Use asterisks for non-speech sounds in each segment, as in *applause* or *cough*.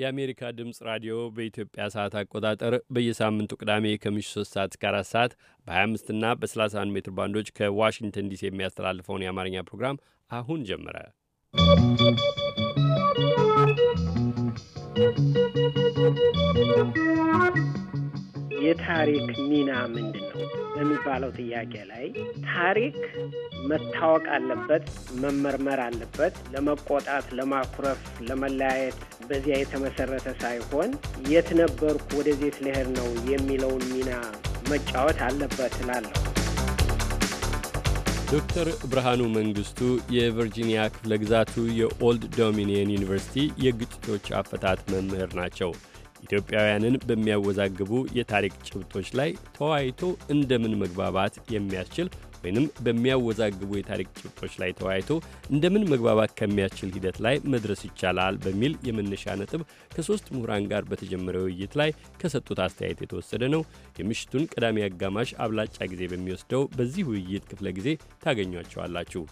የአሜሪካ ድምፅ ራዲዮ በኢትዮጵያ ሰዓት አቆጣጠር በየሳምንቱ ቅዳሜ ከምሽቱ 3 ሰዓት እስከ 4 ሰዓት በ25 እና በ31 ሜትር ባንዶች ከዋሽንግተን ዲሲ የሚያስተላልፈውን የአማርኛ ፕሮግራም አሁን ጀመረ። ¶¶ የታሪክ ሚና ምንድን ነው በሚባለው ጥያቄ ላይ ታሪክ መታወቅ አለበት፣ መመርመር አለበት። ለመቆጣት፣ ለማኩረፍ፣ ለመለያየት በዚያ የተመሰረተ ሳይሆን የት ነበርኩ ወደዚህ ልሄድ ነው የሚለውን ሚና መጫወት አለበት እላለሁ። ዶክተር ብርሃኑ መንግስቱ የቨርጂኒያ ክፍለ ግዛቱ የኦልድ ዶሚኒየን ዩኒቨርሲቲ የግጭቶች አፈታት መምህር ናቸው። ኢትዮጵያውያንን በሚያወዛግቡ የታሪክ ጭብጦች ላይ ተወያይቶ እንደምን መግባባት የሚያስችል ወይንም በሚያወዛግቡ የታሪክ ጭብጦች ላይ ተወያይቶ እንደምን መግባባት ከሚያስችል ሂደት ላይ መድረስ ይቻላል በሚል የመነሻ ነጥብ ከሶስት ምሁራን ጋር በተጀመረ ውይይት ላይ ከሰጡት አስተያየት የተወሰደ ነው። የምሽቱን ቀዳሚ አጋማሽ አብላጫ ጊዜ በሚወስደው በዚህ ውይይት ክፍለ ጊዜ ታገኟቸዋላችሁ።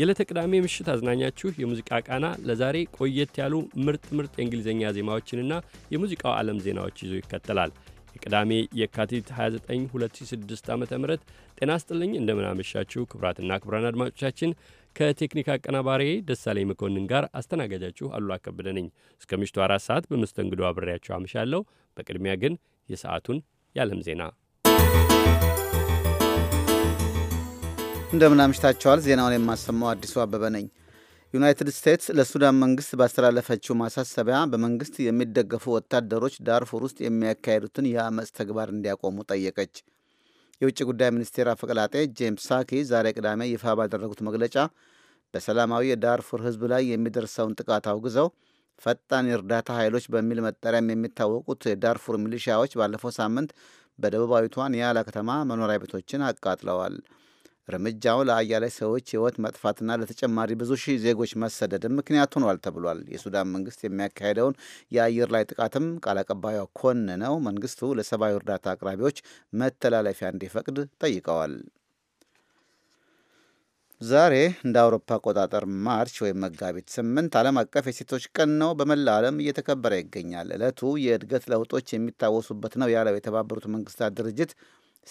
የዕለተ ቅዳሜ ምሽት አዝናኛችሁ የሙዚቃ ቃና ለዛሬ ቆየት ያሉ ምርጥ ምርጥ የእንግሊዝኛ ዜማዎችንና የሙዚቃው ዓለም ዜናዎች ይዞ ይከተላል። ቅዳሜ የካቲት 29 2006 ዓ ም ጤና ስጥልኝ። እንደምናመሻችሁ ክብራትና ክብራን አድማጮቻችን ከቴክኒክ አቀናባሪ ደሳለኝ መኮንን ጋር አስተናጋጃችሁ አሉላ ከበደ ነኝ። እስከ ምሽቱ አራት ሰዓት በመስተንግዶ አብሬያችሁ አምሻለሁ። በቅድሚያ ግን የሰዓቱን ያለም ዜና እንደምናምሽታችኋል። ዜናውን የማሰማው አዲሱ አበበ ነኝ። ዩናይትድ ስቴትስ ለሱዳን መንግስት ባስተላለፈችው ማሳሰቢያ በመንግስት የሚደገፉ ወታደሮች ዳርፉር ውስጥ የሚያካሄዱትን የአመፅ ተግባር እንዲያቆሙ ጠየቀች። የውጭ ጉዳይ ሚኒስቴር አፈቀላጤ ጄምስ ሳኪ ዛሬ ቅዳሜ ይፋ ባደረጉት መግለጫ በሰላማዊ የዳርፉር ህዝብ ላይ የሚደርሰውን ጥቃት አውግዘው ፈጣን የእርዳታ ኃይሎች በሚል መጠሪያም የሚታወቁት የዳርፉር ሚሊሺያዎች ባለፈው ሳምንት በደቡባዊቷ ኒያላ ከተማ መኖሪያ ቤቶችን አቃጥለዋል። እርምጃው ለአያሌ ሰዎች ሕይወት መጥፋትና ለተጨማሪ ብዙ ሺህ ዜጎች መሰደድም ምክንያት ሆኗል ተብሏል። የሱዳን መንግስት የሚያካሄደውን የአየር ላይ ጥቃትም ቃል አቀባዩ ኮን ነው መንግስቱ ለሰብአዊ እርዳታ አቅራቢዎች መተላለፊያ እንዲፈቅድ ጠይቀዋል። ዛሬ እንደ አውሮፓ አቆጣጠር ማርች ወይም መጋቢት ስምንት ዓለም አቀፍ የሴቶች ቀን ነው። በመላ ዓለም እየተከበረ ይገኛል። ዕለቱ የእድገት ለውጦች የሚታወሱበት ነው ያለው የተባበሩት መንግስታት ድርጅት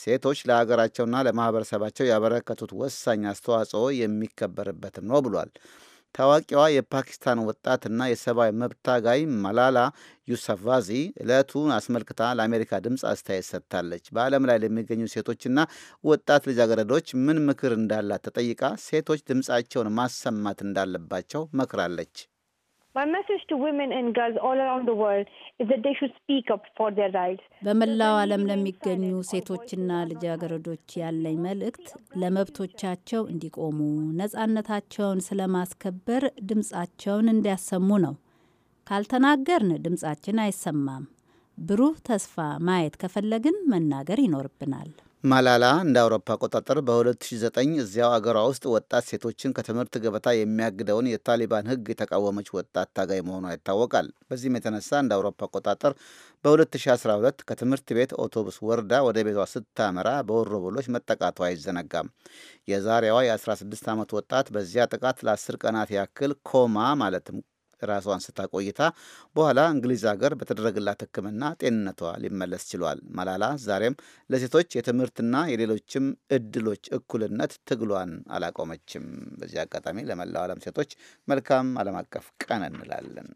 ሴቶች ለሀገራቸውና ለማህበረሰባቸው ያበረከቱት ወሳኝ አስተዋጽኦ የሚከበርበትም ነው ብሏል። ታዋቂዋ የፓኪስታን ወጣትና የሰብአዊ መብት ታጋይ ማላላ ዩሰፍዛይ ዕለቱን አስመልክታ ለአሜሪካ ድምፅ አስተያየት ሰጥታለች። በዓለም ላይ ለሚገኙ ሴቶችና ወጣት ልጃገረዶች ምን ምክር እንዳላት ተጠይቃ ሴቶች ድምፃቸውን ማሰማት እንዳለባቸው መክራለች። በመላው ዓለም ለሚገኙ ሴቶችና ልጃገረዶች ያለኝ መልእክት ለመብቶቻቸው እንዲቆሙ፣ ነጻነታቸውን ስለማስከበር ድምጻቸውን እንዲያሰሙ ነው። ካልተናገርን ድምጻችን አይሰማም። ብሩህ ተስፋ ማየት ከፈለግን መናገር ይኖርብናል። ማላላ እንደ አውሮፓ አቆጣጠር በ2009 እዚያው አገሯ ውስጥ ወጣት ሴቶችን ከትምህርት ገበታ የሚያግደውን የታሊባን ሕግ የተቃወመች ወጣት ታጋይ መሆኗ ይታወቃል። በዚህም የተነሳ እንደ አውሮፓ አቆጣጠር በ2012 ከትምህርት ቤት አውቶቡስ ወርዳ ወደ ቤቷ ስታመራ በወሮበሎች መጠቃቷ አይዘነጋም። የዛሬዋ የ16 ዓመት ወጣት በዚያ ጥቃት ለ10 ቀናት ያክል ኮማ ማለትም ራሷን ስታቆይታ በኋላ እንግሊዝ ሀገር በተደረገላት ሕክምና ጤንነቷ ሊመለስ ችሏል። ማላላ ዛሬም ለሴቶች የትምህርትና የሌሎችም እድሎች እኩልነት ትግሏን አላቆመችም። በዚህ አጋጣሚ ለመላው ዓለም ሴቶች መልካም ዓለም አቀፍ ቀን እንላለን።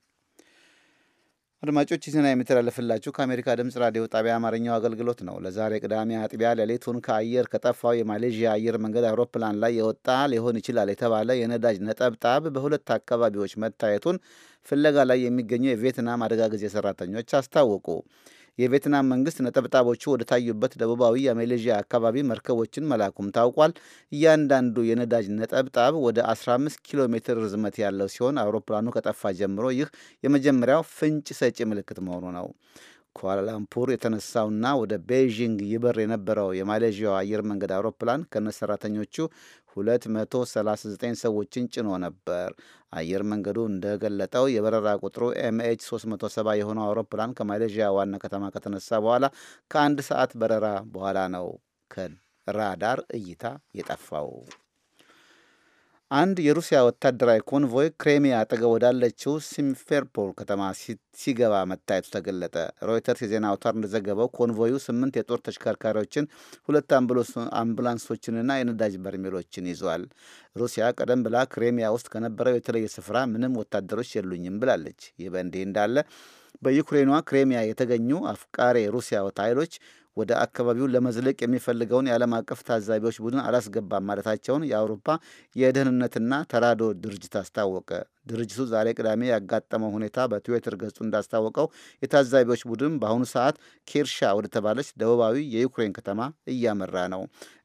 አድማጮች ዜና የሚተላለፍላችሁ ከአሜሪካ ድምፅ ራዲዮ ጣቢያ አማርኛው አገልግሎት ነው። ለዛሬ ቅዳሜ አጥቢያ ሌሊቱን ከአየር ከጠፋው የማሌዥያ አየር መንገድ አውሮፕላን ላይ የወጣ ሊሆን ይችላል የተባለ የነዳጅ ነጠብጣብ በሁለት አካባቢዎች መታየቱን ፍለጋ ላይ የሚገኙ የቪየትናም አደጋ ጊዜ ሰራተኞች አስታወቁ። የቬትናም መንግስት ነጠብጣቦቹ ወደ ታዩበት ደቡባዊ የሜሌዥያ አካባቢ መርከቦችን መላኩም ታውቋል። እያንዳንዱ የነዳጅ ነጠብጣብ ወደ 15 ኪሎ ሜትር ርዝመት ያለው ሲሆን አውሮፕላኑ ከጠፋ ጀምሮ ይህ የመጀመሪያው ፍንጭ ሰጪ ምልክት መሆኑ ነው። ኳላላምፑር የተነሳውና ወደ ቤይዥንግ ይበር የነበረው የማሌዥያ አየር መንገድ አውሮፕላን ከነ ሰራተኞቹ 239 ሰዎችን ጭኖ ነበር። አየር መንገዱ እንደገለጠው የበረራ ቁጥሩ ኤምኤች 370 የሆነው አውሮፕላን ከማሌዥያ ዋና ከተማ ከተነሳ በኋላ ከአንድ ሰዓት በረራ በኋላ ነው ከራዳር እይታ የጠፋው። አንድ የሩሲያ ወታደራዊ ኮንቮይ ክሬሚያ አጠገብ ወዳለችው ሲምፌርፖል ከተማ ሲገባ መታየቱ ተገለጠ። ሮይተርስ የዜና አውታር እንደዘገበው ኮንቮዩ ስምንት የጦር ተሽከርካሪዎችን፣ ሁለት አምቡላንሶችንና የነዳጅ በርሜሎችን ይዟል። ሩሲያ ቀደም ብላ ክሬሚያ ውስጥ ከነበረው የተለየ ስፍራ ምንም ወታደሮች የሉኝም ብላለች። ይህ በእንዲህ እንዳለ በዩክሬኗ ክሬሚያ የተገኙ አፍቃሬ ሩሲያ ኃይሎች ወደ አካባቢው ለመዝለቅ የሚፈልገውን የዓለም አቀፍ ታዛቢዎች ቡድን አላስገባም ማለታቸውን የአውሮፓ የደህንነትና ተራዶ ድርጅት አስታወቀ። ድርጅቱ ዛሬ ቅዳሜ ያጋጠመው ሁኔታ በትዊተር ገጹ እንዳስታወቀው የታዛቢዎች ቡድን በአሁኑ ሰዓት ኬርሻ ወደተባለች ደቡባዊ የዩክሬን ከተማ እያመራ ነው።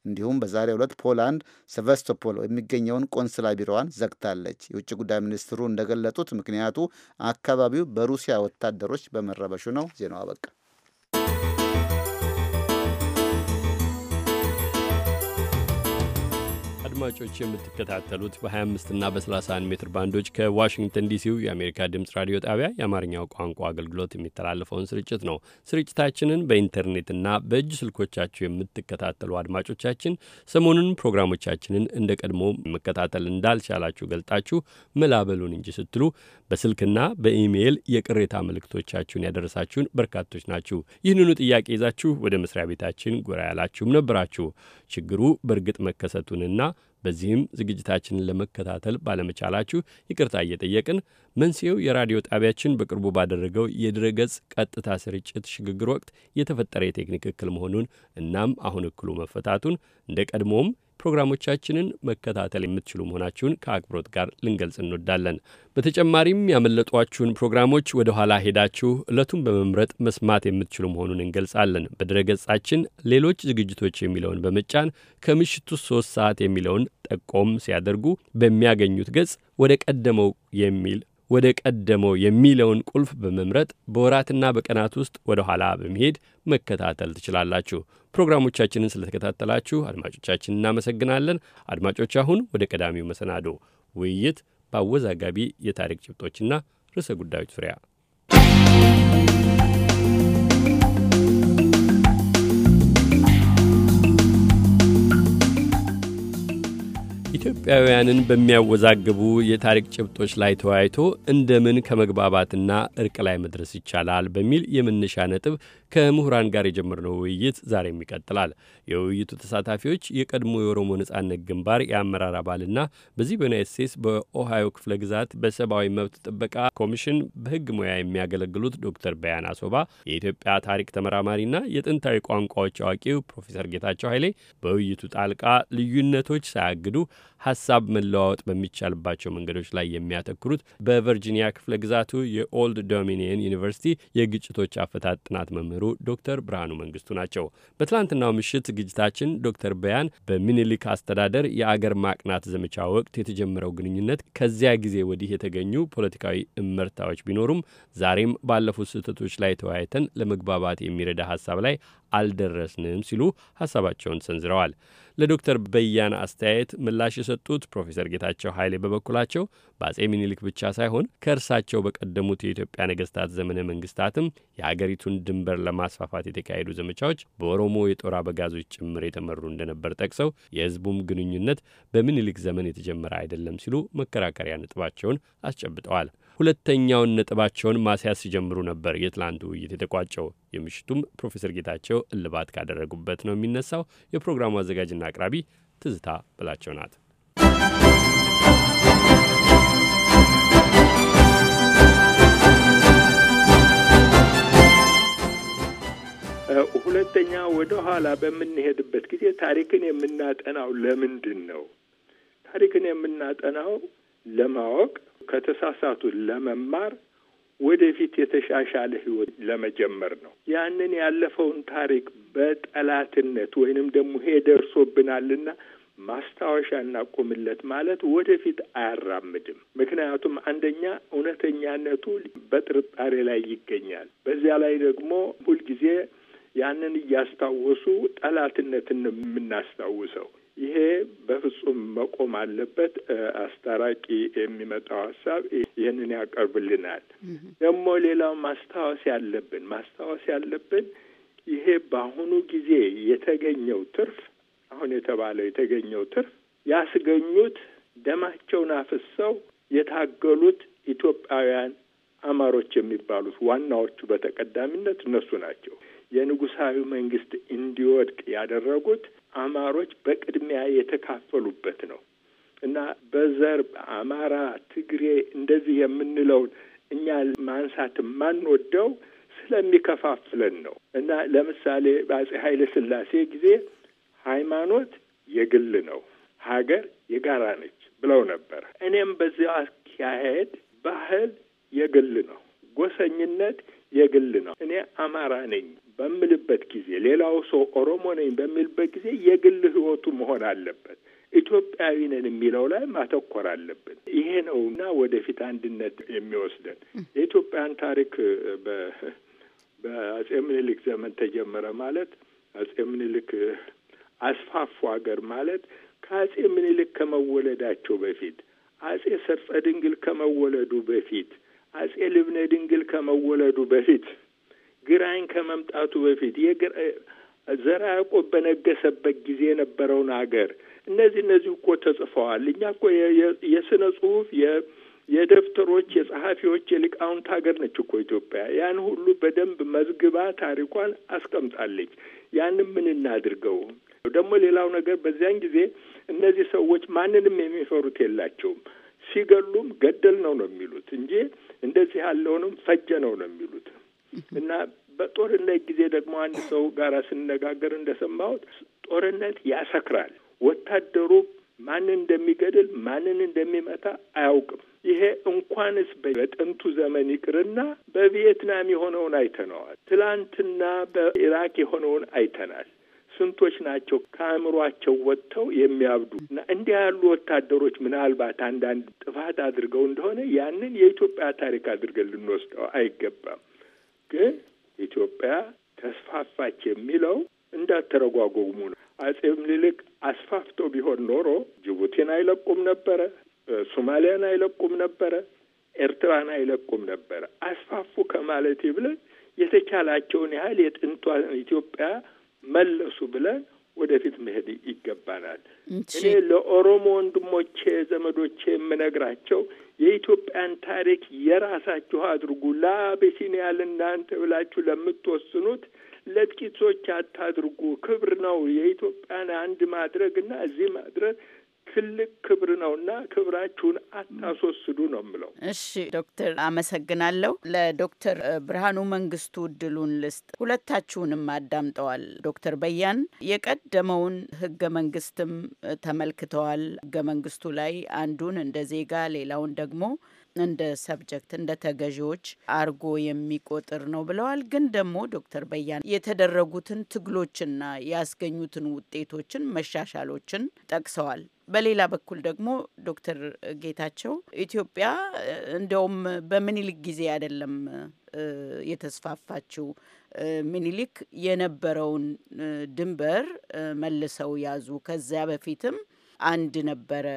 እንዲሁም በዛሬ ዕለት ፖላንድ ሴቨስቶፖል የሚገኘውን ቆንስላ ቢሮዋን ዘግታለች። የውጭ ጉዳይ ሚኒስትሩ እንደገለጡት ምክንያቱ አካባቢው በሩሲያ ወታደሮች በመረበሹ ነው። ዜናው አበቃ። አድማጮች የምትከታተሉት በ25 እና በ31 ሜትር ባንዶች ከዋሽንግተን ዲሲው የአሜሪካ ድምፅ ራዲዮ ጣቢያ የአማርኛው ቋንቋ አገልግሎት የሚተላለፈውን ስርጭት ነው። ስርጭታችንን በኢንተርኔትና በእጅ ስልኮቻችሁ የምትከታተሉ አድማጮቻችን ሰሞኑን ፕሮግራሞቻችንን እንደ ቀድሞ መከታተል እንዳልቻላችሁ ገልጣችሁ መላበሉን እንጂ ስትሉ በስልክና በኢሜይል የቅሬታ ምልክቶቻችሁን ያደረሳችሁን በርካቶች ናችሁ። ይህንኑ ጥያቄ ይዛችሁ ወደ መስሪያ ቤታችን ጎራ ያላችሁም ነበራችሁ። ችግሩ በእርግጥ መከሰቱንና በዚህም ዝግጅታችንን ለመከታተል ባለመቻላችሁ ይቅርታ እየጠየቅን መንስኤው የራዲዮ ጣቢያችን በቅርቡ ባደረገው የድረገጽ ቀጥታ ስርጭት ሽግግር ወቅት የተፈጠረ የቴክኒክ እክል መሆኑን እናም አሁን እክሉ መፈታቱን እንደ ቀድሞውም ፕሮግራሞቻችንን መከታተል የምትችሉ መሆናችሁን ከአክብሮት ጋር ልንገልጽ እንወዳለን። በተጨማሪም ያመለጧችሁን ፕሮግራሞች ወደ ኋላ ሄዳችሁ ዕለቱን በመምረጥ መስማት የምትችሉ መሆኑን እንገልጻለን። በድረገጻችን ሌሎች ዝግጅቶች የሚለውን በመጫን ከምሽቱ ሶስት ሰዓት የሚለውን ጠቆም ሲያደርጉ በሚያገኙት ገጽ ወደ ቀደመው የሚል ወደ ቀደመው የሚለውን ቁልፍ በመምረጥ በወራትና በቀናት ውስጥ ወደ ኋላ በመሄድ መከታተል ትችላላችሁ። ፕሮግራሞቻችንን ስለተከታተላችሁ አድማጮቻችን እናመሰግናለን። አድማጮች፣ አሁን ወደ ቀዳሚው መሰናዶ ውይይት በአወዛጋቢ የታሪክ ጭብጦችና ርዕሰ ጉዳዮች ዙሪያ ኢትዮጵያውያንን በሚያወዛግቡ የታሪክ ጭብጦች ላይ ተወያይቶ እንደምን ከመግባባትና እርቅ ላይ መድረስ ይቻላል በሚል የመነሻ ነጥብ ከምሁራን ጋር የጀመርነው ውይይት ዛሬም ይቀጥላል። የውይይቱ ተሳታፊዎች የቀድሞ የኦሮሞ ነጻነት ግንባር የአመራር አባልና በዚህ በዩናይት ስቴትስ በኦሃዮ ክፍለ ግዛት በሰብአዊ መብት ጥበቃ ኮሚሽን በሕግ ሙያ የሚያገለግሉት ዶክተር በያን አሶባ፣ የኢትዮጵያ ታሪክ ተመራማሪና የጥንታዊ ቋንቋዎች አዋቂው ፕሮፌሰር ጌታቸው ኃይሌ በውይይቱ ጣልቃ ልዩነቶች ሳያግዱ ሀሳብ መለዋወጥ በሚቻልባቸው መንገዶች ላይ የሚያተኩሩት በቨርጂኒያ ክፍለ ግዛቱ የኦልድ ዶሚኒየን ዩኒቨርሲቲ የግጭቶች አፈታት ጥናት መምህሩ ዶክተር ብርሃኑ መንግስቱ ናቸው። በትላንትናው ምሽት ዝግጅታችን ዶክተር በያን በሚኒሊክ አስተዳደር የአገር ማቅናት ዘመቻ ወቅት የተጀመረው ግንኙነት ከዚያ ጊዜ ወዲህ የተገኙ ፖለቲካዊ እመርታዎች ቢኖሩም ዛሬም ባለፉት ስህተቶች ላይ ተወያይተን ለመግባባት የሚረዳ ሀሳብ ላይ አልደረስንም ሲሉ ሀሳባቸውን ሰንዝረዋል። ለዶክተር በያን አስተያየት ምላሽ የሰጡት ፕሮፌሰር ጌታቸው ኃይሌ በበኩላቸው በአጼ ሚኒሊክ ብቻ ሳይሆን ከእርሳቸው በቀደሙት የኢትዮጵያ ነገስታት ዘመነ መንግስታትም የአገሪቱን ድንበር ለማስፋፋት የተካሄዱ ዘመቻዎች በኦሮሞ የጦር አበጋዞች ጭምር የተመሩ እንደነበር ጠቅሰው የህዝቡም ግንኙነት በሚኒሊክ ዘመን የተጀመረ አይደለም ሲሉ መከራከሪያ ነጥባቸውን አስጨብጠዋል። ሁለተኛውን ነጥባቸውን ማስያዝ ሲጀምሩ ነበር የትላንቱ ውይይት የተቋጨው። የምሽቱም ፕሮፌሰር ጌታቸው እልባት ካደረጉበት ነው የሚነሳው። የፕሮግራሙ አዘጋጅና አቅራቢ ትዝታ ብላቸው ናት። ሁለተኛ ወደ ኋላ በምንሄድበት ጊዜ ታሪክን የምናጠናው ለምንድን ነው? ታሪክን የምናጠናው ለማወቅ ከተሳሳቱ ለመማር ወደፊት የተሻሻለ ህይወት ለመጀመር ነው። ያንን ያለፈውን ታሪክ በጠላትነት ወይንም ደግሞ ሄ ደርሶብናልና ማስታወሻ እናቁምለት ማለት ወደፊት አያራምድም። ምክንያቱም አንደኛ እውነተኛነቱ በጥርጣሬ ላይ ይገኛል። በዚያ ላይ ደግሞ ሁልጊዜ ያንን እያስታወሱ ጠላትነትን የምናስታውሰው ይሄ በፍጹም መቆም አለበት። አስታራቂ የሚመጣው ሀሳብ ይህንን ያቀርብልናል። ደግሞ ሌላው ማስታወስ ያለብን ማስታወስ ያለብን ይሄ በአሁኑ ጊዜ የተገኘው ትርፍ አሁን የተባለው የተገኘው ትርፍ ያስገኙት ደማቸውን አፍሰው የታገሉት ኢትዮጵያውያን አማሮች የሚባሉት ዋናዎቹ በተቀዳሚነት እነሱ ናቸው። የንጉሳዊ መንግስት እንዲወድቅ ያደረጉት አማሮች በቅድሚያ የተካፈሉበት ነው እና በዘር አማራ፣ ትግሬ እንደዚህ የምንለውን እኛ ማንሳት የማንወደው ስለሚከፋፍለን ነው እና ለምሳሌ በአጼ ኃይለ ሥላሴ ጊዜ ሃይማኖት የግል ነው፣ ሀገር የጋራ ነች ብለው ነበር። እኔም በዚያ አካሄድ ባህል የግል ነው፣ ጎሰኝነት የግል ነው። እኔ አማራ ነኝ በምልበት ጊዜ፣ ሌላው ሰው ኦሮሞ ነኝ በሚልበት ጊዜ የግል ህይወቱ መሆን አለበት። ኢትዮጵያዊ ነን የሚለው ላይ ማተኮር አለብን። ይሄ ነው እና ወደፊት አንድነት የሚወስደን የኢትዮጵያን ታሪክ በአጼ ምኒልክ ዘመን ተጀመረ ማለት አጼ ምኒልክ አስፋፉ ሀገር ማለት ከአጼ ምኒልክ ከመወለዳቸው በፊት አጼ ሰርጸ ድንግል ከመወለዱ በፊት አጼ ልብነ ድንግል ከመወለዱ በፊት ግራኝ ከመምጣቱ በፊት ዘራ ያዕቆብ በነገሰበት ጊዜ የነበረውን አገር እነዚህ እነዚህ እኮ ተጽፈዋል። እኛ እኮ የስነ ጽሁፍ የደብተሮች የጸሐፊዎች የሊቃውንት ሀገር ነች እኮ ኢትዮጵያ። ያን ሁሉ በደንብ መዝግባ ታሪኳን አስቀምጣለች። ያንም ምን እናድርገው ደግሞ ሌላው ነገር በዚያን ጊዜ እነዚህ ሰዎች ማንንም የሚፈሩት የላቸውም። ሲገሉም ገደል ነው ነው የሚሉት እንጂ እንደዚህ ያለውንም ፈጀ ነው ነው የሚሉት እና በጦርነት ጊዜ ደግሞ አንድ ሰው ጋር ስነጋገር እንደሰማሁት ጦርነት ያሰክራል። ወታደሩ ማንን እንደሚገድል ማንን እንደሚመታ አያውቅም። ይሄ እንኳንስ በጥንቱ ዘመን ይቅርና በቪየትናም የሆነውን አይተነዋል። ትላንትና በኢራቅ የሆነውን አይተናል። ስንቶች ናቸው ከአእምሯቸው ወጥተው የሚያብዱ እና እንዲህ ያሉ ወታደሮች ምናልባት አንዳንድ ጥፋት አድርገው እንደሆነ ያንን የኢትዮጵያ ታሪክ አድርገን ልንወስደው አይገባም። ግን ኢትዮጵያ ተስፋፋች የሚለው እንዳተረጓጎሙ ነው። አጼ ምኒልክ አስፋፍቶ ቢሆን ኖሮ ጅቡቲን አይለቁም ነበረ፣ ሶማሊያን አይለቁም ነበረ፣ ኤርትራን አይለቁም ነበረ። አስፋፉ ከማለት ይብለን የተቻላቸውን ያህል የጥንቷ ኢትዮጵያ መለሱ ብለን ወደፊት መሄድ ይገባናል። እኔ ለኦሮሞ ወንድሞቼ ዘመዶቼ የምነግራቸው የኢትዮጵያን ታሪክ የራሳችሁ አድርጉ። ለአቤሲኒያ እናንተ ብላችሁ ለምትወስኑት ለጥቂቶች አታድርጉ። ክብር ነው የኢትዮጵያን አንድ ማድረግ እና እዚህ ማድረግ ትልቅ ክብር ነውና ክብራችሁን አታስወስዱ ነው የምለው። እሺ ዶክተር አመሰግናለሁ። ለዶክተር ብርሃኑ መንግስቱ እድሉን ልስጥ። ሁለታችሁንም አዳምጠዋል። ዶክተር በያን የቀደመውን ህገ መንግስትም ተመልክተዋል። ህገ መንግስቱ ላይ አንዱን እንደ ዜጋ ሌላውን ደግሞ እንደ ሰብጀክት እንደ ተገዢዎች አርጎ የሚቆጥር ነው ብለዋል። ግን ደግሞ ዶክተር በያን የተደረጉትን ትግሎችና ያስገኙትን ውጤቶችን መሻሻሎችን ጠቅሰዋል። በሌላ በኩል ደግሞ ዶክተር ጌታቸው ኢትዮጵያ እንደውም በምኒልክ ጊዜ አይደለም የተስፋፋችው ምኒልክ የነበረውን ድንበር መልሰው ያዙ። ከዚያ በፊትም አንድ ነበረ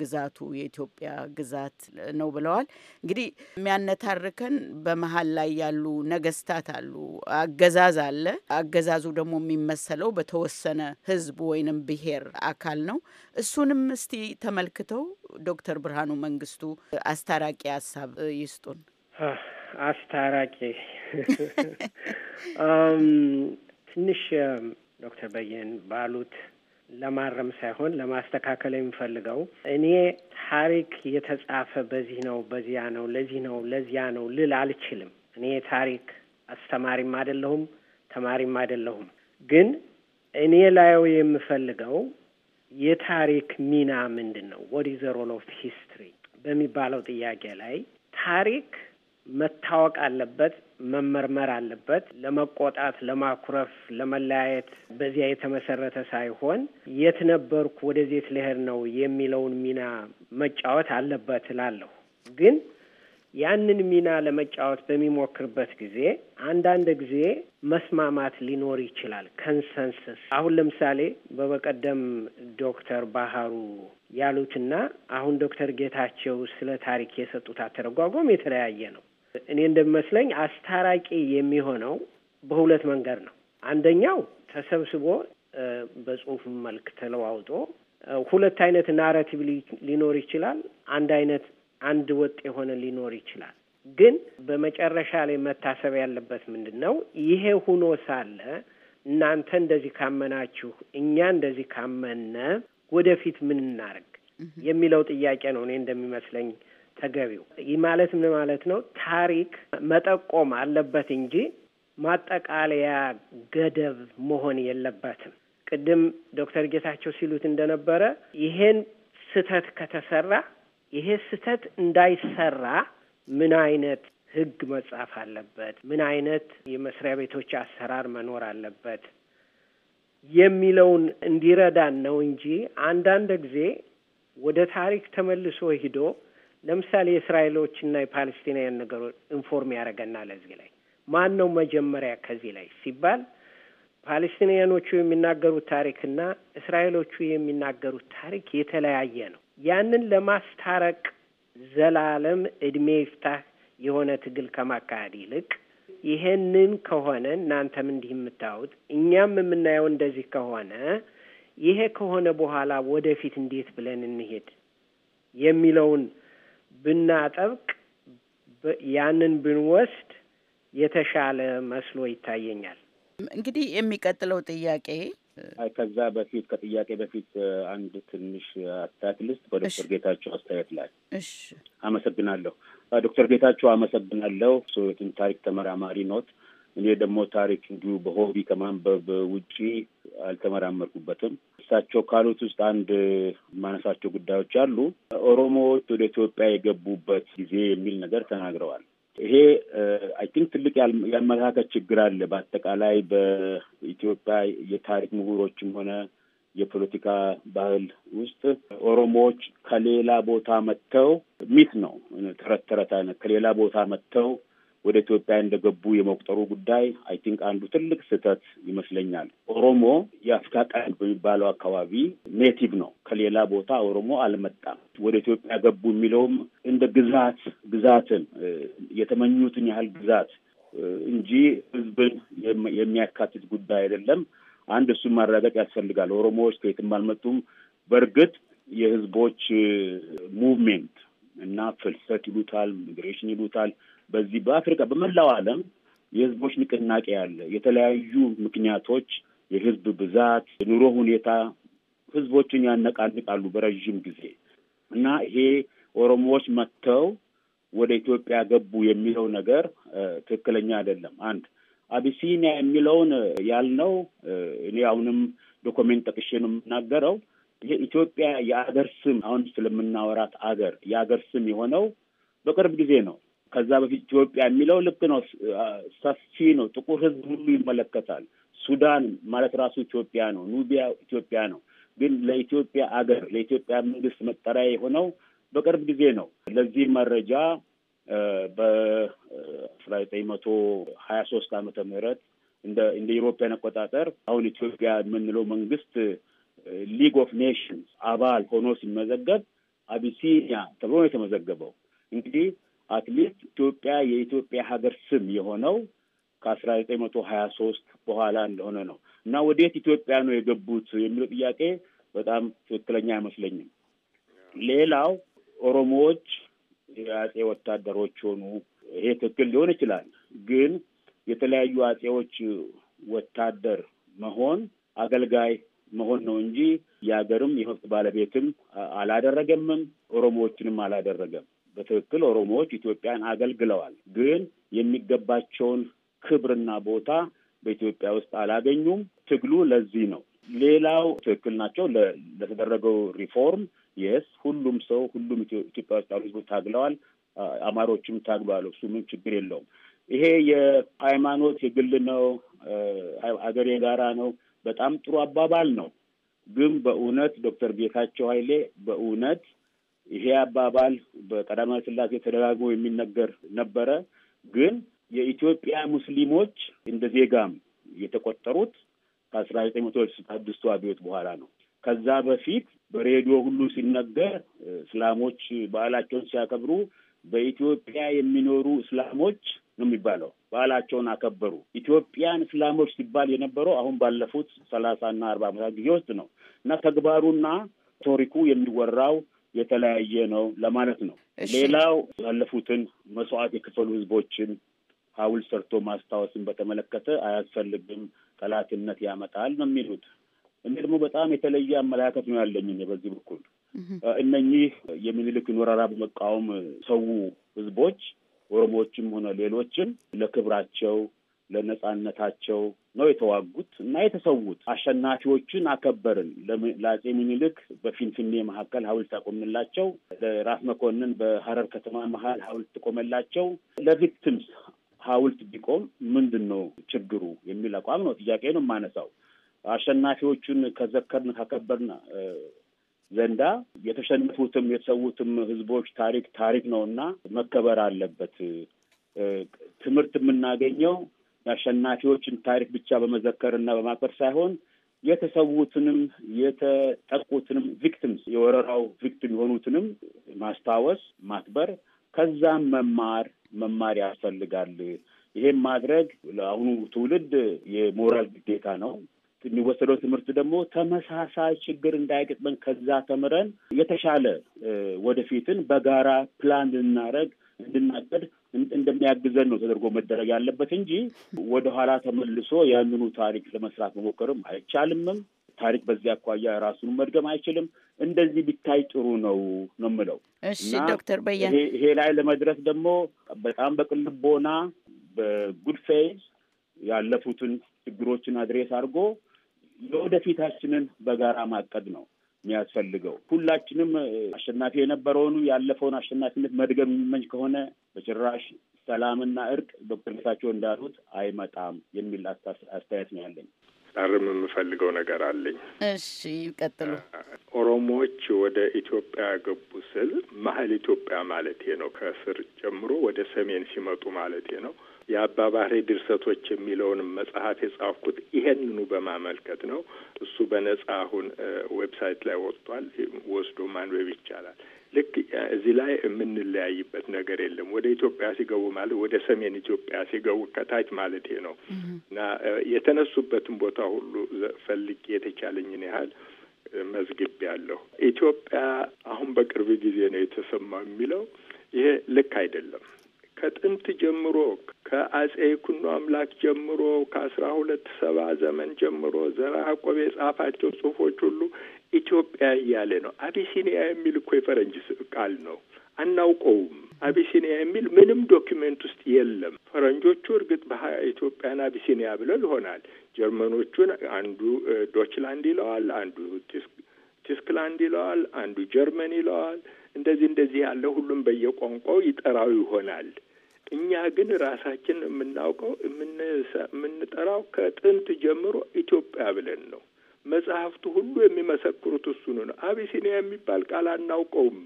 ግዛቱ የኢትዮጵያ ግዛት ነው ብለዋል። እንግዲህ የሚያነታርከን በመሀል ላይ ያሉ ነገስታት አሉ፣ አገዛዝ አለ። አገዛዙ ደግሞ የሚመሰለው በተወሰነ ህዝብ ወይንም ብሄር አካል ነው። እሱንም እስቲ ተመልክተው ዶክተር ብርሃኑ መንግስቱ አስታራቂ ሀሳብ ይስጡን። አስታራቂ *laughs* ትንሽ ዶክተር በየን ባሉት ለማረም ሳይሆን ለማስተካከል የሚፈልገው እኔ ታሪክ የተጻፈ በዚህ ነው በዚያ ነው ለዚህ ነው ለዚያ ነው ልል አልችልም። እኔ ታሪክ አስተማሪም አይደለሁም፣ ተማሪም አይደለሁም። ግን እኔ ላየው የምፈልገው የታሪክ ሚና ምንድን ነው? ወዲዘ ሮል ኦፍ ሂስትሪ በሚባለው ጥያቄ ላይ ታሪክ መታወቅ አለበት፣ መመርመር አለበት። ለመቆጣት፣ ለማኩረፍ፣ ለመለያየት በዚያ የተመሰረተ ሳይሆን የት ነበርኩ ወደዚህ የት ልሄድ ነው የሚለውን ሚና መጫወት አለበት እላለሁ። ግን ያንን ሚና ለመጫወት በሚሞክርበት ጊዜ አንዳንድ ጊዜ መስማማት ሊኖር ይችላል። ከንሰንሰስ አሁን ለምሳሌ በበቀደም ዶክተር ባህሩ ያሉትና አሁን ዶክተር ጌታቸው ስለ ታሪክ የሰጡት አተረጓጎም የተለያየ ነው። እኔ እንደሚመስለኝ አስታራቂ የሚሆነው በሁለት መንገድ ነው። አንደኛው ተሰብስቦ በጽሁፍ መልክ ተለዋውጦ ሁለት አይነት ናራቲቭ ሊኖር ይችላል። አንድ አይነት አንድ ወጥ የሆነ ሊኖር ይችላል። ግን በመጨረሻ ላይ መታሰብ ያለበት ምንድን ነው? ይሄ ሁኖ ሳለ እናንተ እንደዚህ ካመናችሁ፣ እኛ እንደዚህ ካመነ ወደፊት ምን እናርግ የሚለው ጥያቄ ነው እኔ እንደሚመስለኝ ተገቢው። ይህ ማለት ምን ማለት ነው? ታሪክ መጠቆም አለበት እንጂ ማጠቃለያ ገደብ መሆን የለበትም። ቅድም ዶክተር ጌታቸው ሲሉት እንደነበረ ይሄን ስህተት ከተሰራ ይሄ ስህተት እንዳይሰራ ምን አይነት ህግ መጻፍ አለበት፣ ምን አይነት የመስሪያ ቤቶች አሰራር መኖር አለበት የሚለውን እንዲረዳን ነው እንጂ አንዳንድ ጊዜ ወደ ታሪክ ተመልሶ ሂዶ ለምሳሌ የእስራኤሎችና የፓለስቲናውያን ነገሮች ኢንፎርም ያደርገናል እዚህ ላይ ማን ነው መጀመሪያ ከዚህ ላይ ሲባል ፓለስቲናውያኖቹ የሚናገሩት ታሪክና እስራኤሎቹ የሚናገሩት ታሪክ የተለያየ ነው። ያንን ለማስታረቅ ዘላለም እድሜ ይፍታህ የሆነ ትግል ከማካሄድ ይልቅ ይሄንን ከሆነ እናንተም እንዲህ የምታዩት እኛም የምናየው እንደዚህ ከሆነ ይሄ ከሆነ በኋላ ወደፊት እንዴት ብለን እንሄድ የሚለውን ብናጠብቅ ያንን ብንወስድ የተሻለ መስሎ ይታየኛል። እንግዲህ የሚቀጥለው ጥያቄ ከዛ በፊት ከጥያቄ በፊት አንድ ትንሽ አስተያየት ልስጥ በዶክተር ጌታቸው አስተያየት ላይ አመሰግናለሁ። ዶክተር ጌታቸው አመሰግናለሁ። ሶትን ታሪክ ተመራማሪ ኖት እኔ ደግሞ ታሪክ እንዲሁ በሆቢ ከማንበብ ውጪ አልተመራመርኩበትም። እሳቸው ካሉት ውስጥ አንድ የማነሳቸው ጉዳዮች አሉ። ኦሮሞዎች ወደ ኢትዮጵያ የገቡበት ጊዜ የሚል ነገር ተናግረዋል። ይሄ አይ ቲንክ ትልቅ የአመለካከት ችግር አለ። በአጠቃላይ በኢትዮጵያ የታሪክ ምሁሮችም ሆነ የፖለቲካ ባህል ውስጥ ኦሮሞዎች ከሌላ ቦታ መጥተው ሚት ነው ተረት ተረት አይነት ከሌላ ቦታ መጥተው ወደ ኢትዮጵያ እንደገቡ የመቁጠሩ ጉዳይ አይ ቲንክ አንዱ ትልቅ ስህተት ይመስለኛል። ኦሮሞ የአፍሪካ ቀንድ በሚባለው አካባቢ ኔቲቭ ነው። ከሌላ ቦታ ኦሮሞ አልመጣም። ወደ ኢትዮጵያ ገቡ የሚለውም እንደ ግዛት ግዛትን የተመኙትን ያህል ግዛት እንጂ ህዝብን የሚያካትት ጉዳይ አይደለም። አንድ እሱን ማረጋገጥ ያስፈልጋል። ኦሮሞዎች ከየትም አልመጡም። በእርግጥ የህዝቦች ሙቭሜንት እና ፍልሰት ይሉታል፣ ሚግሬሽን ይሉታል በዚህ በአፍሪካ በመላው ዓለም የህዝቦች ንቅናቄ አለ። የተለያዩ ምክንያቶች፣ የህዝብ ብዛት፣ የኑሮ ሁኔታ ህዝቦችን ያነቃንቃሉ በረዥም ጊዜ እና ይሄ ኦሮሞዎች መጥተው ወደ ኢትዮጵያ ገቡ የሚለው ነገር ትክክለኛ አይደለም። አንድ አቢሲኒያ የሚለውን ያልነው እኔ አሁንም ዶኮሜንት ጠቅሼ ነው የምናገረው። የኢትዮጵያ የአገር ስም አሁን ስለምናወራት አገር የአገር ስም የሆነው በቅርብ ጊዜ ነው። ከዛ በፊት ኢትዮጵያ የሚለው ልክ ነው፣ ሰፊ ነው። ጥቁር ህዝብ ሁሉ ይመለከታል። ሱዳን ማለት ራሱ ኢትዮጵያ ነው። ኑቢያ ኢትዮጵያ ነው። ግን ለኢትዮጵያ አገር ለኢትዮጵያ መንግስት መጠሪያ የሆነው በቅርብ ጊዜ ነው። ለዚህ መረጃ በአስራ ዘጠኝ መቶ ሀያ ሶስት ዓመተ ምህረት እንደ እንደ ኢሮፓያን አቆጣጠር አሁን ኢትዮጵያ የምንለው መንግስት ሊግ ኦፍ ኔሽንስ አባል ሆኖ ሲመዘገብ አቢሲኒያ ተብሎ ነው የተመዘገበው። እንግዲህ አትሊስት ኢትዮጵያ የኢትዮጵያ ሀገር ስም የሆነው ከአስራ ዘጠኝ መቶ ሀያ ሶስት በኋላ እንደሆነ ነው እና ወዴት ኢትዮጵያ ነው የገቡት የሚለው ጥያቄ በጣም ትክክለኛ አይመስለኝም። ሌላው ኦሮሞዎች የአጼ ወታደሮች ሆኑ፣ ይሄ ትክክል ሊሆን ይችላል። ግን የተለያዩ አጼዎች ወታደር መሆን አገልጋይ መሆን ነው እንጂ የሀገርም የመብት ባለቤትም አላደረገምም፣ ኦሮሞዎችንም አላደረገም። በትክክል ኦሮሞዎች ኢትዮጵያን አገልግለዋል። ግን የሚገባቸውን ክብርና ቦታ በኢትዮጵያ ውስጥ አላገኙም። ትግሉ ለዚህ ነው። ሌላው ትክክል ናቸው ለተደረገው ሪፎርም የስ ሁሉም ሰው ሁሉም ኢትዮጵያ ውስጥ ያሉ ህዝቦች ታግለዋል። አማሮችም ታግለዋል። እሱ ምን ችግር የለውም። ይሄ የሃይማኖት የግል ነው፣ ሀገር የጋራ ነው። በጣም ጥሩ አባባል ነው። ግን በእውነት ዶክተር ጌታቸው ኃይሌ በእውነት ይሄ አባባል በቀዳማዊ ስላሴ ተደጋግሞ የሚነገር ነበረ። ግን የኢትዮጵያ ሙስሊሞች እንደ ዜጋም የተቆጠሩት ከአስራ ዘጠኝ መቶ ስልሳ ስድስቱ አብዮት በኋላ ነው። ከዛ በፊት በሬዲዮ ሁሉ ሲነገር እስላሞች በዓላቸውን ሲያከብሩ በኢትዮጵያ የሚኖሩ እስላሞች ነው የሚባለው። በዓላቸውን አከበሩ። ኢትዮጵያን እስላሞች ሲባል የነበረው አሁን ባለፉት ሰላሳና አርባ ዓመታት ጊዜ ውስጥ ነው እና ተግባሩና ቶሪኩ የሚወራው የተለያየ ነው ለማለት ነው። ሌላው ያለፉትን መስዋዕት የከፈሉ ህዝቦችን ሀውል ሰርቶ ማስታወስን በተመለከተ አያስፈልግም፣ ጠላትነት ያመጣል ነው የሚሉት። እኔ ደግሞ በጣም የተለየ አመለካከት ነው ያለኝ በዚህ በኩል እነኚህ የሚኒልክን ወረራ በመቃወም ሰው ህዝቦች ኦሮሞዎችም ሆነ ሌሎችም ለክብራቸው ለነጻነታቸው ነው የተዋጉት እና የተሰዉት። አሸናፊዎችን አከበርን። ለአፄ ምኒልክ በፊንፊኔ መካከል ሐውልት ያቆምላቸው፣ ለራስ መኮንን በሀረር ከተማ መሀል ሐውልት ቆመላቸው። ለቪክቲምስ ሐውልት ቢቆም ምንድን ነው ችግሩ የሚል አቋም ነው ጥያቄ ነው የማነሳው። አሸናፊዎቹን ከዘከርን ካከበርን ዘንዳ የተሸነፉትም የተሰዉትም ህዝቦች ታሪክ ታሪክ ነው እና መከበር አለበት። ትምህርት የምናገኘው የአሸናፊዎችን ታሪክ ብቻ በመዘከር እና በማክበር ሳይሆን የተሰዉትንም የተጠቁትንም ቪክቲምስ የወረራው ቪክቲም የሆኑትንም ማስታወስ፣ ማክበር፣ ከዛም መማር መማር ያስፈልጋል። ይሄም ማድረግ ለአሁኑ ትውልድ የሞራል ግዴታ ነው። የሚወሰደው ትምህርት ደግሞ ተመሳሳይ ችግር እንዳይገጥመን ከዛ ተምረን የተሻለ ወደፊትን በጋራ ፕላን ልናደረግ እንድናቀድ እንደሚያግዘን ነው ተደርጎ መደረግ ያለበት እንጂ ወደኋላ ተመልሶ ያንኑ ታሪክ ለመስራት መሞከርም አይቻልምም። ታሪክ በዚህ አኳያ ራሱን መድገም አይችልም። እንደዚህ ቢታይ ጥሩ ነው ነው የምለው። እሺ ዶክተር በያ ይሄ ላይ ለመድረስ ደግሞ በጣም በቅልቦና በጉድ ፌዝ ያለፉትን ችግሮችን አድሬስ አድርጎ የወደፊታችንን በጋራ ማቀድ ነው። የሚያስፈልገው። ሁላችንም አሸናፊ የነበረውን ያለፈውን አሸናፊነት መድገም የሚመኝ ከሆነ በጭራሽ ሰላምና እርቅ ዶክተር ጌታቸው እንዳሉት አይመጣም የሚል አስተያየት ነው ያለኝ። ላርም የምፈልገው ነገር አለኝ። እሺ ቀጥሉ። ኦሮሞዎች ወደ ኢትዮጵያ ገቡ ስል መሀል ኢትዮጵያ ማለቴ ነው። ከስር ጀምሮ ወደ ሰሜን ሲመጡ ማለቴ ነው። የአባባህሪ ድርሰቶች የሚለውንም መጽሐፍ የጻፍኩት ይሄንኑ በማመልከት ነው። እሱ በነጻ አሁን ዌብሳይት ላይ ወጥቷል። ወስዶ ማንበብ ይቻላል። ልክ እዚህ ላይ የምንለያይበት ነገር የለም። ወደ ኢትዮጵያ ሲገቡ ማለት ወደ ሰሜን ኢትዮጵያ ሲገቡ ከታች ማለት ነው እና የተነሱበትን ቦታ ሁሉ ፈልጌ የተቻለኝን ያህል መዝግብ ያለሁ ኢትዮጵያ አሁን በቅርብ ጊዜ ነው የተሰማው የሚለው ይሄ ልክ አይደለም። ከጥንት ጀምሮ ከአጼ ይኩኖ አምላክ ጀምሮ ከአስራ ሁለት ሰባ ዘመን ጀምሮ ዘርዓ ያዕቆብ የጻፋቸው ጽሁፎች ሁሉ ኢትዮጵያ እያለ ነው። አቢሲኒያ የሚል እኮ የፈረንጅ ቃል ነው፣ አናውቀውም። አቢሲኒያ የሚል ምንም ዶክመንት ውስጥ የለም። ፈረንጆቹ እርግጥ ኢትዮጵያን አቢሲኒያ ብለው ይሆናል። ጀርመኖቹን አንዱ ዶችላንድ ይለዋል፣ አንዱ ቲስክላንድ ይለዋል፣ አንዱ ጀርመን ይለዋል። እንደዚህ እንደዚህ ያለ ሁሉም በየቋንቋው ይጠራው ይሆናል። እኛ ግን ራሳችን የምናውቀው የምንጠራው ከጥንት ጀምሮ ኢትዮጵያ ብለን ነው። መጽሐፍቱ ሁሉ የሚመሰክሩት እሱን ነው። አቢሲኒያ የሚባል ቃል አናውቀውም።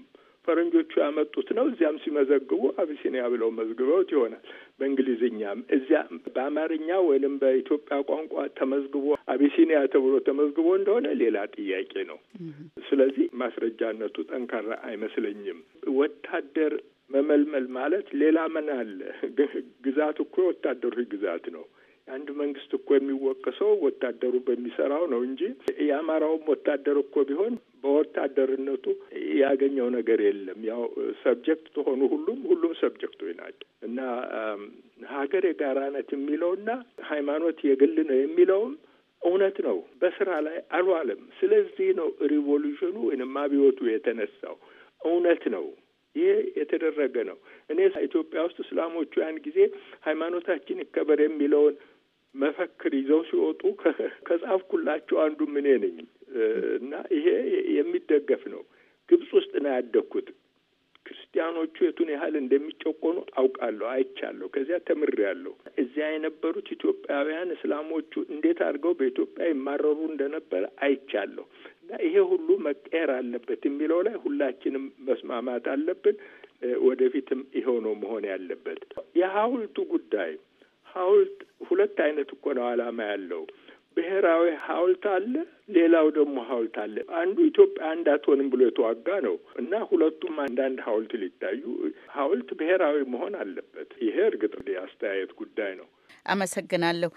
ፈረንጆቹ ያመጡት ነው። እዚያም ሲመዘግቡ አቢሲኒያ ብለው መዝግበውት ይሆናል። በእንግሊዝኛም እዚያ በአማርኛ ወይንም በኢትዮጵያ ቋንቋ ተመዝግቦ አቢሲኒያ ተብሎ ተመዝግቦ እንደሆነ ሌላ ጥያቄ ነው። ስለዚህ ማስረጃነቱ ጠንካራ አይመስለኝም። ወታደር መመልመል ማለት ሌላ ምን አለ? *laughs* ግዛት እኮ የወታደሮች ግዛት ነው። አንድ መንግስት እኮ የሚወቀሰው ወታደሩ በሚሰራው ነው እንጂ የአማራውም ወታደር እኮ ቢሆን በወታደርነቱ ያገኘው ነገር የለም። ያው ሰብጀክት ተሆኑ ሁሉም ሁሉም ሰብጀክቶች ናቸው እና ሀገር የጋራነት የሚለውና ሃይማኖት የግል ነው የሚለውም እውነት ነው፣ በስራ ላይ አልዋለም። ስለዚህ ነው ሪቮሉሽኑ ወይንም አብዮቱ የተነሳው እውነት ነው። ይህ የተደረገ ነው። እኔ ኢትዮጵያ ውስጥ እስላሞቹ ያን ጊዜ ሃይማኖታችን ይከበር የሚለውን መፈክር ይዘው ሲወጡ ከጻፍኩላቸው አንዱ ምን ነኝ እና ይሄ የሚደገፍ ነው። ግብጽ ውስጥ ነው ያደግኩት። ክርስቲያኖቹ የቱን ያህል እንደሚጨቆኑ አውቃለሁ፣ አይቻለሁ፣ ከዚያ ተምሬያለሁ። እዚያ የነበሩት ኢትዮጵያውያን እስላሞቹ እንዴት አድርገው በኢትዮጵያ ይማረሩ እንደነበረ አይቻለሁ። እና ይሄ ሁሉ መቀየር አለበት የሚለው ላይ ሁላችንም መስማማት አለብን። ወደፊትም ይኸው ነው መሆን ያለበት። የሀውልቱ ጉዳይ ሀውልት ሁለት አይነት እኮ ነው አላማ ያለው ብሔራዊ ሀውልት አለ፣ ሌላው ደግሞ ሀውልት አለ። አንዱ ኢትዮጵያ አንድ አትሆንም ብሎ የተዋጋ ነው እና ሁለቱም አንዳንድ ሀውልት ሊታዩ ሀውልት ብሔራዊ መሆን አለበት። ይሄ እርግጥ የአስተያየት ጉዳይ ነው። አመሰግናለሁ።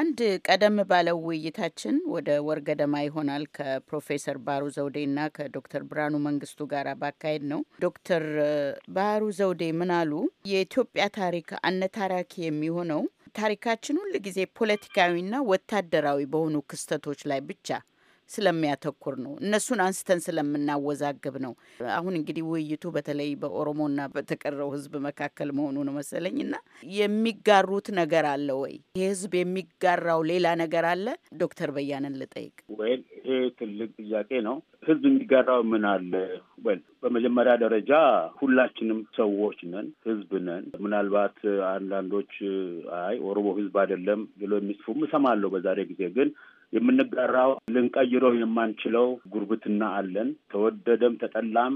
አንድ ቀደም ባለው ውይይታችን ወደ ወር ገደማ ይሆናል ከፕሮፌሰር ባህሩ ዘውዴ ከዶክተር ብርሃኑ መንግስቱ ጋር ባካሄድ ነው። ዶክተር ባህሩ ዘውዴ ምን አሉ? የኢትዮጵያ ታሪክ አነታራኪ የሚሆነው ታሪካችን ሁልጊዜ ፖለቲካዊና ወታደራዊ በሆኑ ክስተቶች ላይ ብቻ ስለሚያተኩር ነው። እነሱን አንስተን ስለምናወዛግብ ነው። አሁን እንግዲህ ውይይቱ በተለይ በኦሮሞና በተቀረው ሕዝብ መካከል መሆኑ ነው መሰለኝ እና የሚጋሩት ነገር አለ ወይ? ይህ ሕዝብ የሚጋራው ሌላ ነገር አለ? ዶክተር በያነን ልጠይቅ። ወይ ይሄ ትልቅ ጥያቄ ነው። ሕዝብ የሚጋራው ምን አለ? ወይ በመጀመሪያ ደረጃ ሁላችንም ሰዎች ነን፣ ሕዝብ ነን። ምናልባት አንዳንዶች አይ ኦሮሞ ሕዝብ አይደለም ብሎ የሚጽፉም እሰማለሁ። በዛሬ ጊዜ ግን የምንጋራው ልንቀይረው የማንችለው ጉርብትና አለን። ተወደደም ተጠላም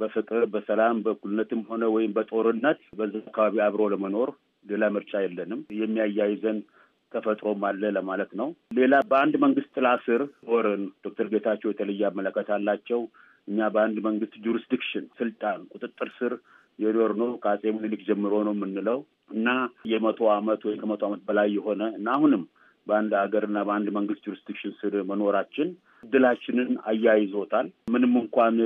በፍቅር በሰላም በእኩልነትም ሆነ ወይም በጦርነት በዛ አካባቢ አብሮ ለመኖር ሌላ ምርጫ የለንም። የሚያያይዘን ተፈጥሮም አለ ለማለት ነው። ሌላ በአንድ መንግስት ጥላ ስር ወርን ዶክተር ጌታቸው የተለየ አመለከት አላቸው። እኛ በአንድ መንግስት ጁሪስዲክሽን ስልጣን ቁጥጥር ስር የኖር ነው ከአጼ ምኒልክ ጀምሮ ነው የምንለው እና የመቶ ዓመት ወይ ከመቶ ዓመት በላይ የሆነ እና አሁንም በአንድ ሀገርና በአንድ መንግስት ጁሪስዲክሽን ስር መኖራችን እድላችንን አያይዞታል። ምንም እንኳን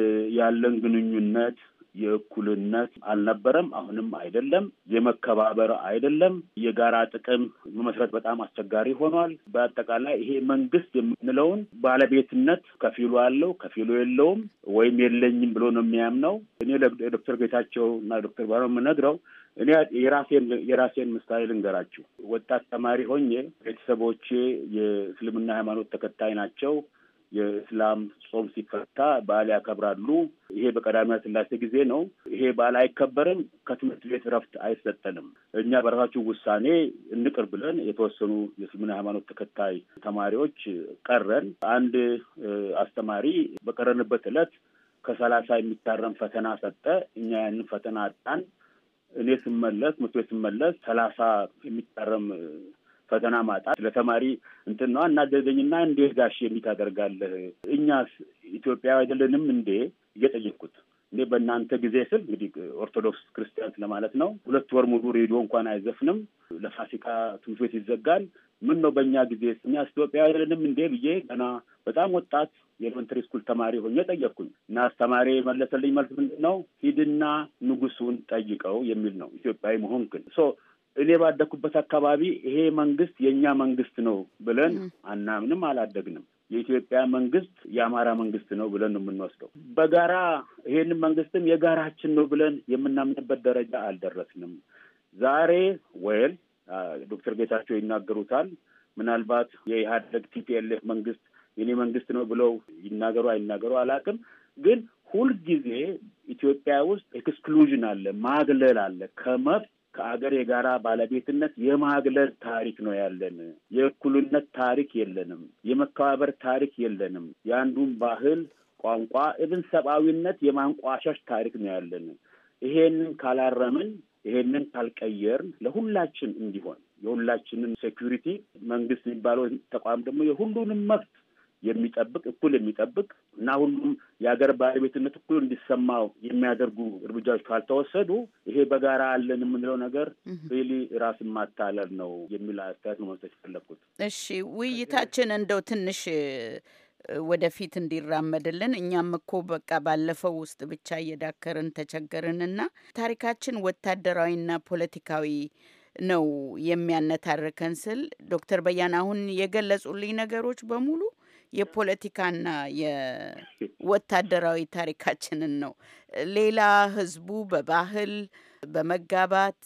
ያለን ግንኙነት የእኩልነት አልነበረም፣ አሁንም አይደለም። የመከባበር አይደለም። የጋራ ጥቅም መመስረት በጣም አስቸጋሪ ሆኗል። በአጠቃላይ ይሄ መንግስት የምንለውን ባለቤትነት ከፊሉ አለው፣ ከፊሉ የለውም ወይም የለኝም ብሎ ነው የሚያምነው። እኔ ለዶክተር ጌታቸው እና ዶክተር ባሮ የምነግረው እኔ የራሴን የራሴን ምሳሌ ልንገራችሁ። ወጣት ተማሪ ሆኜ ቤተሰቦቼ የእስልምና ሃይማኖት ተከታይ ናቸው። የእስላም ጾም ሲፈታ በዓል ያከብራሉ። ይሄ በቀዳሚያ ስላሴ ጊዜ ነው። ይሄ በዓል አይከበርም፣ ከትምህርት ቤት እረፍት አይሰጠንም። እኛ በራሳችሁ ውሳኔ እንቅር ብለን የተወሰኑ የእስልምና ሃይማኖት ተከታይ ተማሪዎች ቀረን። አንድ አስተማሪ በቀረንበት ዕለት ከሰላሳ የሚታረም ፈተና ሰጠ። እኛ ያንን ፈተና አጣን። እኔ ስመለስ ምቶ ስመለስ ሰላሳ የሚታረም ፈተና ማጣት ለተማሪ እንትን ነው እናደደኝና እንዴት ጋሽ የሚት አደርጋለህ እኛስ ኢትዮጵያ አይደለንም እንዴ እየጠየቅኩት እኔ በእናንተ ጊዜ ስል እንግዲህ ኦርቶዶክስ ክርስቲያን ስለማለት ነው። ሁለት ወር ሙሉ ሬዲዮ እንኳን አይዘፍንም። ለፋሲካ ትምህርት ቤት ይዘጋል። ምን ነው በእኛ ጊዜ እኛስ ኢትዮጵያ አይደለንም እንዴ ብዬ ገና በጣም ወጣት የኤሌመንተሪ ስኩል ተማሪ ሆኜ ጠየቅኩኝ እና አስተማሪ የመለሰልኝ መልስ ምንድን ነው? ሂድና ንጉሱን ጠይቀው የሚል ነው። ኢትዮጵያዊ መሆንክን ሶ እኔ ባደግኩበት አካባቢ ይሄ መንግስት የእኛ መንግስት ነው ብለን አናምንም፣ አላደግንም። የኢትዮጵያ መንግስት የአማራ መንግስት ነው ብለን ነው የምንወስደው። በጋራ ይሄንን መንግስትም የጋራችን ነው ብለን የምናምንበት ደረጃ አልደረስንም። ዛሬ ወይል ዶክተር ጌታቸው ይናገሩታል ምናልባት የኢህአደግ ቲፒኤልኤፍ መንግስት የኔ መንግስት ነው ብለው ይናገሩ አይናገሩ አላውቅም። ግን ሁልጊዜ ኢትዮጵያ ውስጥ ኤክስክሉዥን አለ፣ ማግለል አለ ከመብት ከአገር የጋራ ባለቤትነት የማግለል ታሪክ ነው ያለን። የእኩልነት ታሪክ የለንም። የመከባበር ታሪክ የለንም። የአንዱን ባህል፣ ቋንቋ፣ እብን ሰብአዊነት የማንቋሻሽ ታሪክ ነው ያለን። ይሄንን ካላረምን፣ ይሄንን ካልቀየርን ለሁላችን እንዲሆን የሁላችንን ሴኩሪቲ መንግስት የሚባለው ተቋም ደግሞ የሁሉንም መብት የሚጠብቅ እኩል የሚጠብቅ እና ሁሉም የሀገር ባለቤትነት እኩል እንዲሰማው የሚያደርጉ እርምጃዎች ካልተወሰዱ ይሄ በጋራ አለን የምንለው ነገር ሪሊ ራስን ማታለል ነው የሚል አስተያየት ነው መስጠት የፈለግኩት። እሺ፣ ውይይታችን እንደው ትንሽ ወደፊት እንዲራመድልን እኛም እኮ በቃ ባለፈው ውስጥ ብቻ እየዳከርን ተቸገርንና ታሪካችን ወታደራዊና ፖለቲካዊ ነው የሚያነታርከን ስል ዶክተር በያን አሁን የገለጹልኝ ነገሮች በሙሉ የፖለቲካና የወታደራዊ ታሪካችንን ነው። ሌላ ህዝቡ በባህል በመጋባት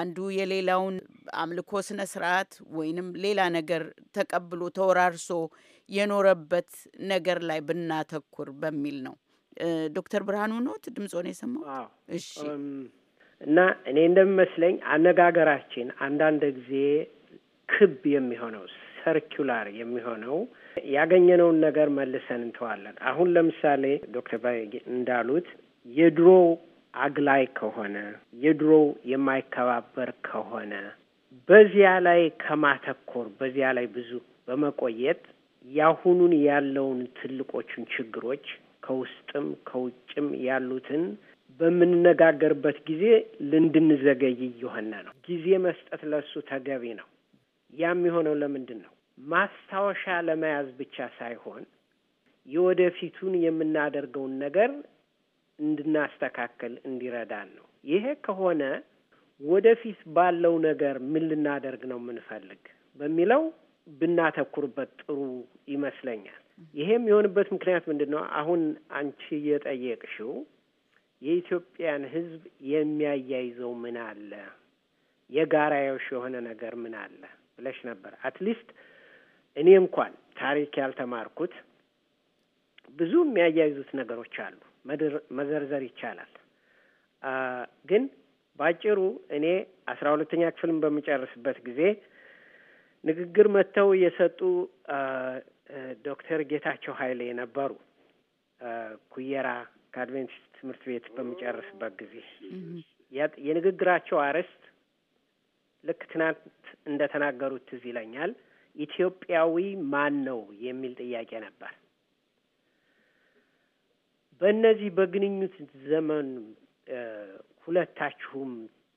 አንዱ የሌላውን አምልኮ ስነ ስርዓት ወይንም ሌላ ነገር ተቀብሎ ተወራርሶ የኖረበት ነገር ላይ ብናተኩር በሚል ነው። ዶክተር ብርሃኑ ኖት ድምፆን የሰማው። እሺ። እና እኔ እንደሚመስለኝ አነጋገራችን አንዳንድ ጊዜ ክብ የሚሆነው ሰርኪላር የሚሆነው ያገኘነውን ነገር መልሰን እንተዋለን። አሁን ለምሳሌ ዶክተር ባይ እንዳሉት የድሮ አግላይ ከሆነ የድሮ የማይከባበር ከሆነ በዚያ ላይ ከማተኮር በዚያ ላይ ብዙ በመቆየት ያሁኑን ያለውን ትልቆቹን ችግሮች ከውስጥም ከውጭም ያሉትን በምንነጋገርበት ጊዜ ልንድንዘገይ እየሆነ ነው። ጊዜ መስጠት ለሱ ተገቢ ነው። ያም የሆነው ለምንድን ነው? ማስታወሻ ለመያዝ ብቻ ሳይሆን የወደፊቱን የምናደርገውን ነገር እንድናስተካከል እንዲረዳን ነው። ይሄ ከሆነ ወደፊት ባለው ነገር ምን ልናደርግ ነው የምንፈልግ በሚለው ብናተኩርበት ጥሩ ይመስለኛል። ይሄም የሆንበት ምክንያት ምንድን ነው? አሁን አንቺ የጠየቅሽው የኢትዮጵያን ሕዝብ የሚያያይዘው ምን አለ፣ የጋራዮሽ የሆነ ነገር ምን አለ ብለሽ ነበር አትሊስት እኔ እንኳን ታሪክ ያልተማርኩት ብዙ የሚያያይዙት ነገሮች አሉ፣ መዘርዘር ይቻላል። ግን ባጭሩ እኔ አስራ ሁለተኛ ክፍልን በምጨርስበት ጊዜ ንግግር መጥተው የሰጡ ዶክተር ጌታቸው ኃይሌ የነበሩ ኩየራ ከአድቬንቲስት ትምህርት ቤት በምጨርስበት ጊዜ የንግግራቸው አርዕስት ልክ ትናንት እንደተናገሩት ትዝ ይለኛል ኢትዮጵያዊ ማን ነው የሚል ጥያቄ ነበር። በእነዚህ በግንኙት ዘመን ሁለታችሁም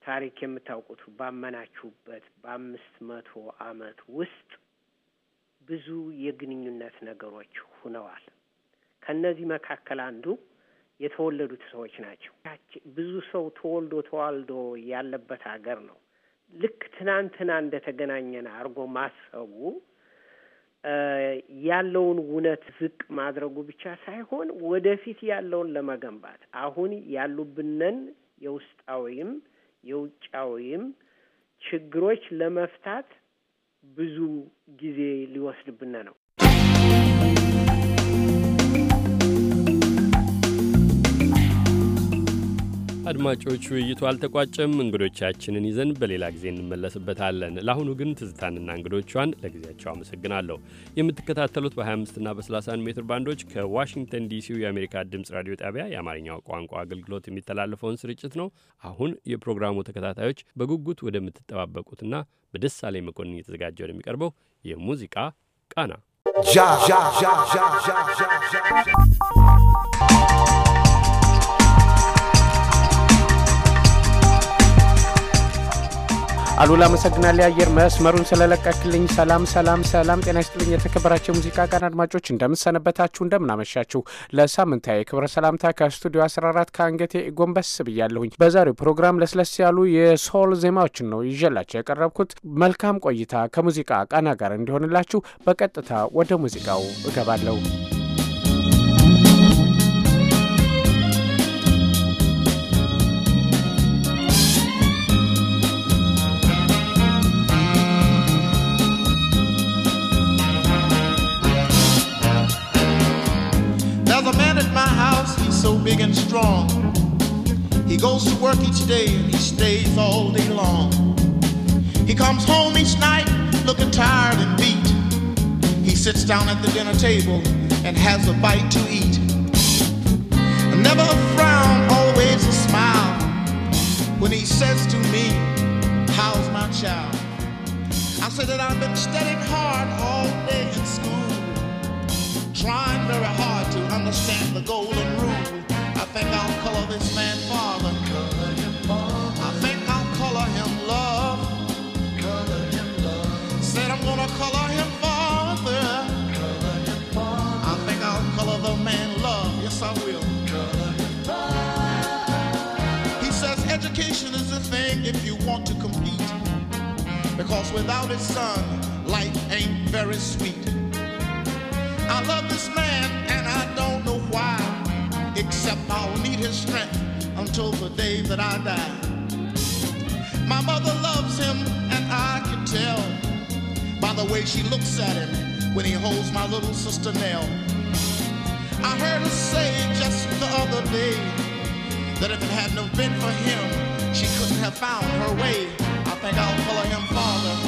ታሪክ የምታውቁት ባመናችሁበት በአምስት መቶ ዓመት ውስጥ ብዙ የግንኙነት ነገሮች ሁነዋል። ከእነዚህ መካከል አንዱ የተወለዱት ሰዎች ናቸው። ብዙ ሰው ተወልዶ ተዋልዶ ያለበት ሀገር ነው። ልክ ትናንትና እንደተገናኘን አድርጎ ማሰቡ ያለውን ውነት ዝቅ ማድረጉ ብቻ ሳይሆን ወደፊት ያለውን ለመገንባት አሁን ያሉብንን የውስጣዊም የውጫዊም ችግሮች ለመፍታት ብዙ ጊዜ ሊወስድብን ነው። አድማጮች፣ ውይይቱ አልተቋጨም። እንግዶቻችንን ይዘን በሌላ ጊዜ እንመለስበታለን። ለአሁኑ ግን ትዝታንና እንግዶቿን ለጊዜያቸው አመሰግናለሁ። የምትከታተሉት በ25ና በ31 ሜትር ባንዶች ከዋሽንግተን ዲሲው የአሜሪካ ድምፅ ራዲዮ ጣቢያ የአማርኛው ቋንቋ አገልግሎት የሚተላለፈውን ስርጭት ነው። አሁን የፕሮግራሙ ተከታታዮች በጉጉት ወደምትጠባበቁትና በደሳሌ መኮንን እየተዘጋጀ ወደሚቀርበው የሙዚቃ ቃና አሉላ አመሰግናል የአየር መስመሩን ስለለቀክልኝ። ሰላም ሰላም ሰላም፣ ጤና ይስጥልኝ። የተከበራቸው የሙዚቃ ቀን አድማጮች እንደምንሰነበታችሁ፣ እንደምናመሻችሁ። ለሳምንታዊ የክብረ ሰላምታ ከስቱዲዮ 14 ከአንገቴ ጎንበስ ብያለሁኝ። በዛሬው ፕሮግራም ለስለስ ያሉ የሶል ዜማዎችን ነው ይዤላቸው የቀረብኩት። መልካም ቆይታ ከሙዚቃ ቃና ጋር እንዲሆንላችሁ በቀጥታ ወደ ሙዚቃው እገባለሁ። big and strong. He goes to work each day and he stays all day long. He comes home each night looking tired and beat. He sits down at the dinner table and has a bite to eat. Never a frown, always a smile when he says to me, How's my child? I say that I've been studying hard all day in school trying very hard to understand the golden rule. I think I'll color this man father. father. I think I'll color him love. Color him love. Said I'm gonna color him father. Color him father. I think I'll color the man love. Yes, I will. He says education is a thing if you want to compete. Because without it, son, life ain't very sweet. I love this man and I don't know why, except I'll need his strength until the day that I die. My mother loves him and I can tell by the way she looks at him when he holds my little sister Nell. I heard her say just the other day that if it hadn't been for him, she couldn't have found her way. I think I'll follow him farther.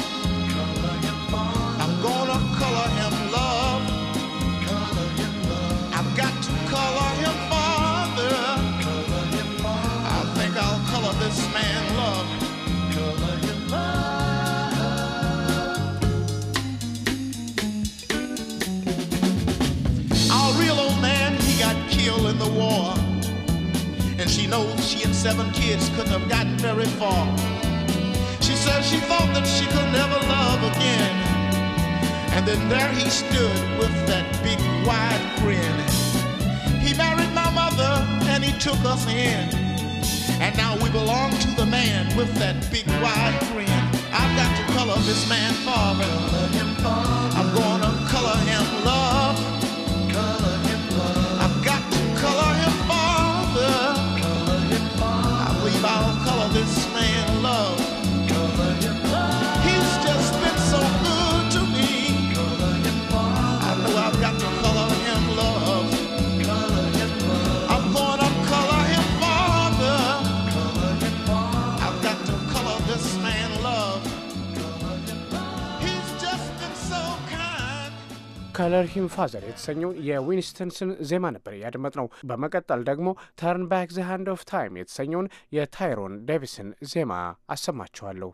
the war. And she knows she and seven kids couldn't have gotten very far. She says she thought that she could never love again. And then there he stood with that big wide grin. He married my mother and he took us in. And now we belong to the man with that big wide grin. I've got to color this man father. I'm going ከለር ሂም ፋዘር የተሰኘውን የዊንስተንስን ዜማ ነበር እያደመጥ ነው። በመቀጠል ደግሞ ተርን ባክ ዘ ሃንድ ኦፍ ታይም የተሰኘውን የታይሮን ዴቪስን ዜማ አሰማችኋለሁ።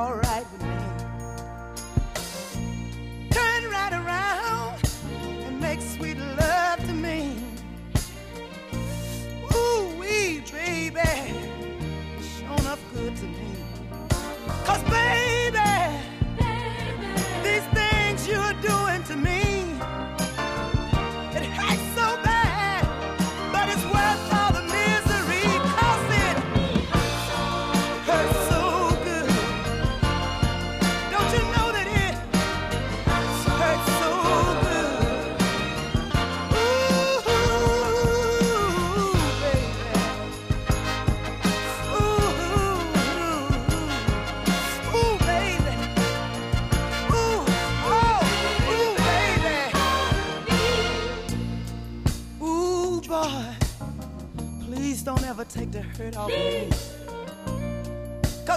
alright with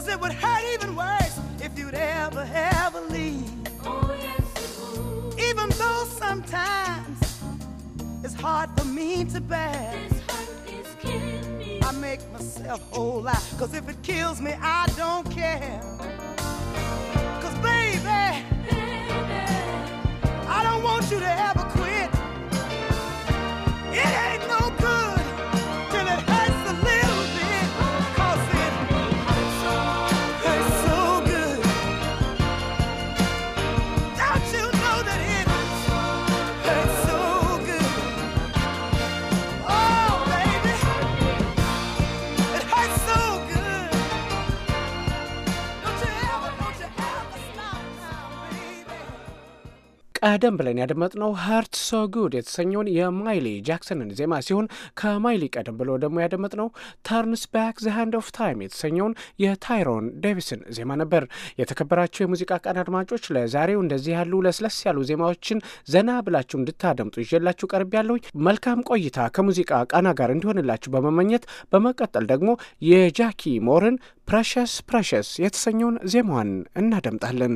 Cause it would hurt even worse if you'd ever, ever leave. Oh, yes, even though sometimes it's hard for me to bear. I make myself whole out. Cause if it kills me, I ቀደም ብለን ያደመጥነው ሀርት ሶ ጉድ የተሰኘውን የማይሊ ጃክሰንን ዜማ ሲሆን ከማይሊ ቀደም ብሎ ደግሞ ያደመጥነው ተርንስ ባክ ዘ ሃንድ ኦፍ ታይም የተሰኘውን የታይሮን ዴቪስን ዜማ ነበር። የተከበራቸው የሙዚቃ ቃን አድማጮች ለዛሬው እንደዚህ ያሉ ለስለስ ያሉ ዜማዎችን ዘና ብላችሁ እንድታደምጡ ይዤላችሁ ቀርብ ያለውኝ መልካም ቆይታ ከሙዚቃ ቃና ጋር እንዲሆንላችሁ በመመኘት በመቀጠል ደግሞ የጃኪ ሞርን ፕሬሸስ ፕሬሸስ የተሰኘውን ዜማዋን እናደምጣለን።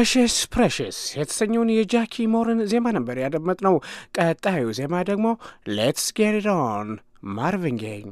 ፕሬሽስ ፕሬሽስ የተሰኘውን የጃኪ ሞርን ዜማ ነበር ያደመጥነው። ቀጣዩ ዜማ ደግሞ ሌትስ ጌሪዶን ማርቪን ጌይ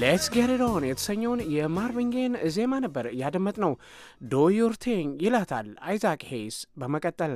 ሌትስ ጌት ኦን የተሰኘውን የማርቪንጌን ዜማ ነበር ያደመጥ ነው። ዶዩርቲንግ ይላታል አይዛክ ሄይስ በመቀጠል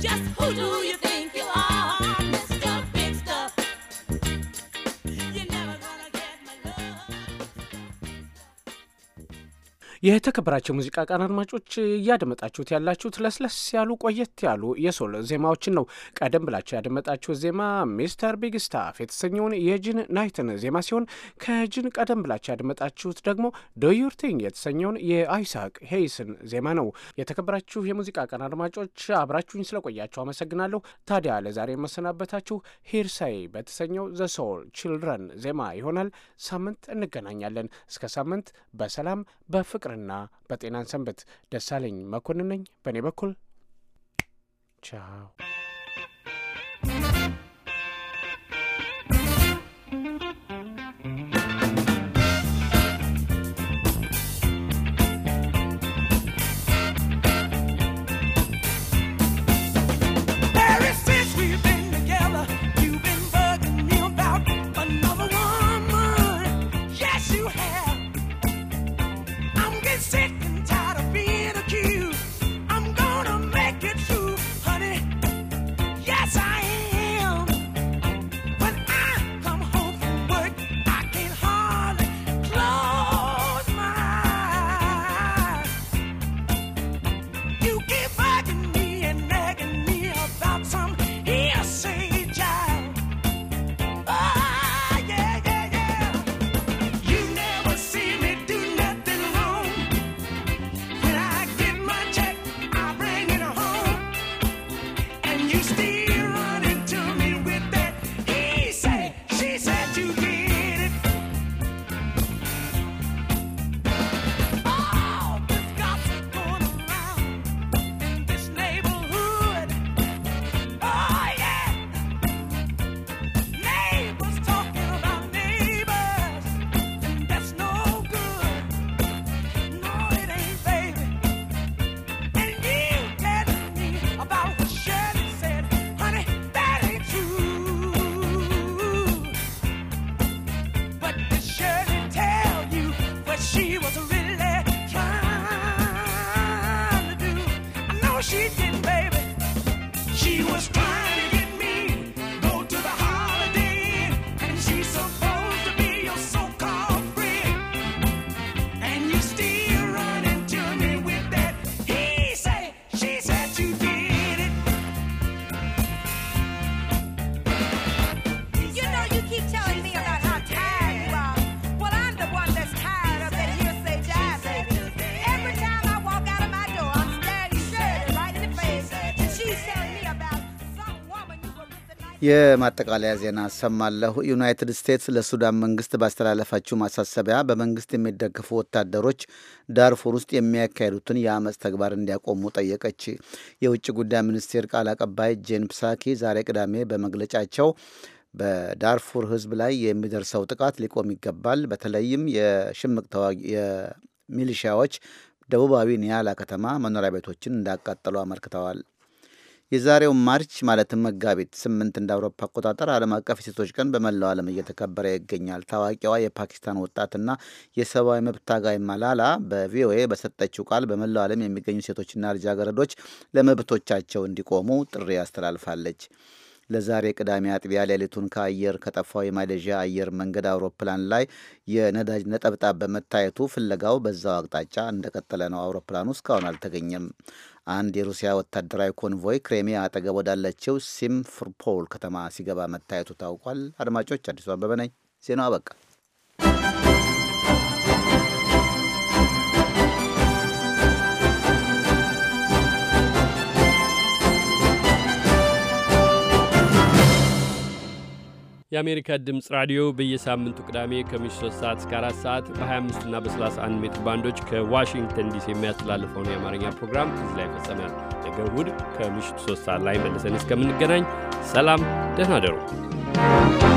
Just who do you? የተከበራቸው ሙዚቃ ቃን አድማጮች እያደመጣችሁት ያላችሁት ለስለስ ያሉ ቆየት ያሉ የሶል ዜማዎችን ነው። ቀደም ብላችሁ ያደመጣችሁት ዜማ ሚስተር ቢግ ስታፍ የተሰኘውን የጂን ናይትን ዜማ ሲሆን ከጂን ቀደም ብላችሁ ያደመጣችሁት ደግሞ ዶዩርቲንግ የተሰኘውን የአይሳቅ ሄይስን ዜማ ነው። የተከበራችሁ የሙዚቃ ቃን አድማጮች አብራችሁኝ ስለቆያችሁ አመሰግናለሁ። ታዲያ ለዛሬ የመሰናበታችሁ ሂርሳይ በተሰኘው ዘ ሶል ችልድረን ዜማ ይሆናል። ሳምንት እንገናኛለን። እስከ ሳምንት በሰላም በፍቅር ፍቅርና በጤናን ሰንበት። ደሳለኝ መኮንን ነኝ። በእኔ በኩል ቻው። የማጠቃለያ ዜና አሰማለሁ። ዩናይትድ ስቴትስ ለሱዳን መንግስት ባስተላለፈችው ማሳሰቢያ በመንግስት የሚደግፉ ወታደሮች ዳርፉር ውስጥ የሚያካሄዱትን የአመፅ ተግባር እንዲያቆሙ ጠየቀች። የውጭ ጉዳይ ሚኒስቴር ቃል አቀባይ ጄን ፕሳኪ ዛሬ ቅዳሜ በመግለጫቸው በዳርፉር ህዝብ ላይ የሚደርሰው ጥቃት ሊቆም ይገባል፣ በተለይም የሽምቅ ተዋጊ የሚሊሺያዎች ደቡባዊ ኒያላ ከተማ መኖሪያ ቤቶችን እንዳቃጠሉ አመልክተዋል። የዛሬው ማርች ማለትም መጋቢት ስምንት እንደ አውሮፓ አቆጣጠር ዓለም አቀፍ የሴቶች ቀን በመላው ዓለም እየተከበረ ይገኛል። ታዋቂዋ የፓኪስታን ወጣትና የሰብአዊ መብት ታጋይ ማላላ በቪኦኤ በሰጠችው ቃል በመላው ዓለም የሚገኙ ሴቶችና ልጃገረዶች ለመብቶቻቸው እንዲቆሙ ጥሪ አስተላልፋለች። ለዛሬ ቅዳሜ አጥቢያ ሌሊቱን ከአየር ከጠፋው የማሌዥያ አየር መንገድ አውሮፕላን ላይ የነዳጅ ነጠብጣብ በመታየቱ ፍለጋው በዛው አቅጣጫ እንደቀጠለ ነው። አውሮፕላኑ እስካሁን አልተገኘም። አንድ የሩሲያ ወታደራዊ ኮንቮይ ክሬሚያ አጠገብ ወዳለችው ሲምፍርፖል ከተማ ሲገባ መታየቱ ታውቋል። አድማጮች፣ አዲሱ አበበ ነኝ። ዜናው አበቃ። የአሜሪካ ድምፅ ራዲዮ በየሳምንቱ ቅዳሜ ከምሽቱ 3 ሰዓት እስከ 4 ሰዓት በ25 እና በ31 ሜትር ባንዶች ከዋሽንግተን ዲሲ የሚያስተላልፈውን የአማርኛ ፕሮግራም እዚህ ላይ ፈጸመ። ነገ እሑድ ከምሽቱ 3 ሰዓት ላይ መልሰን እስከምንገናኝ ሰላም፣ ደህና አደሩ።